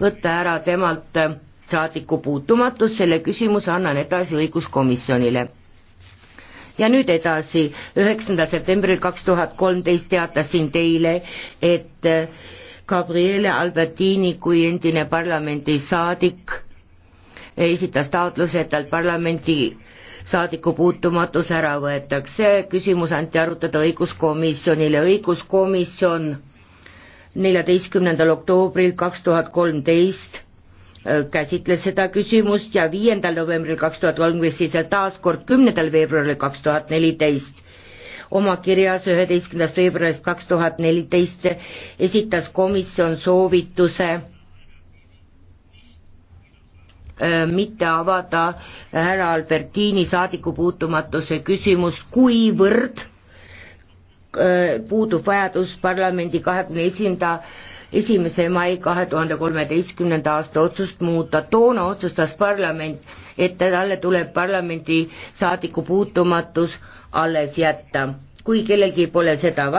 võtta ära temalt äh, saadiku puutumatus, selle küsimuse annan edasi õiguskomisjonile ja nüüd edasi, üheksandal septembril kaks tuhat kolmteist teatasin teile, et äh, Gabriele Albertini kui endine parlamendisaadik äh, esitas taotluse, et tal parlamendi saadiku puutumatus ära võetakse, küsimus anti arutada õiguskomisjonile, õiguskomisjon neljateistkümnendal oktoobril kaks tuhat kolmteist äh, käsitles seda küsimust ja viiendal novembril kaks tuhat kolmteist siis taas kord kümnendal veebruaril kaks tuhat neliteist. oma kirjas üheteistkümnendast veebruarist kaks tuhat neliteist esitas komisjon soovituse äh, mitte avada härra Albertini saadikupuutumatuse küsimust, kuivõrd Äh, puudub vajadus parlamendi kahekümne esinda esimese mai kahe tuhande kolmeteistkümnenda aasta otsust muuta, toona otsustas parlament, et talle tuleb parlamendi saadiku puutumatus alles jätta. kui kellelgi pole seda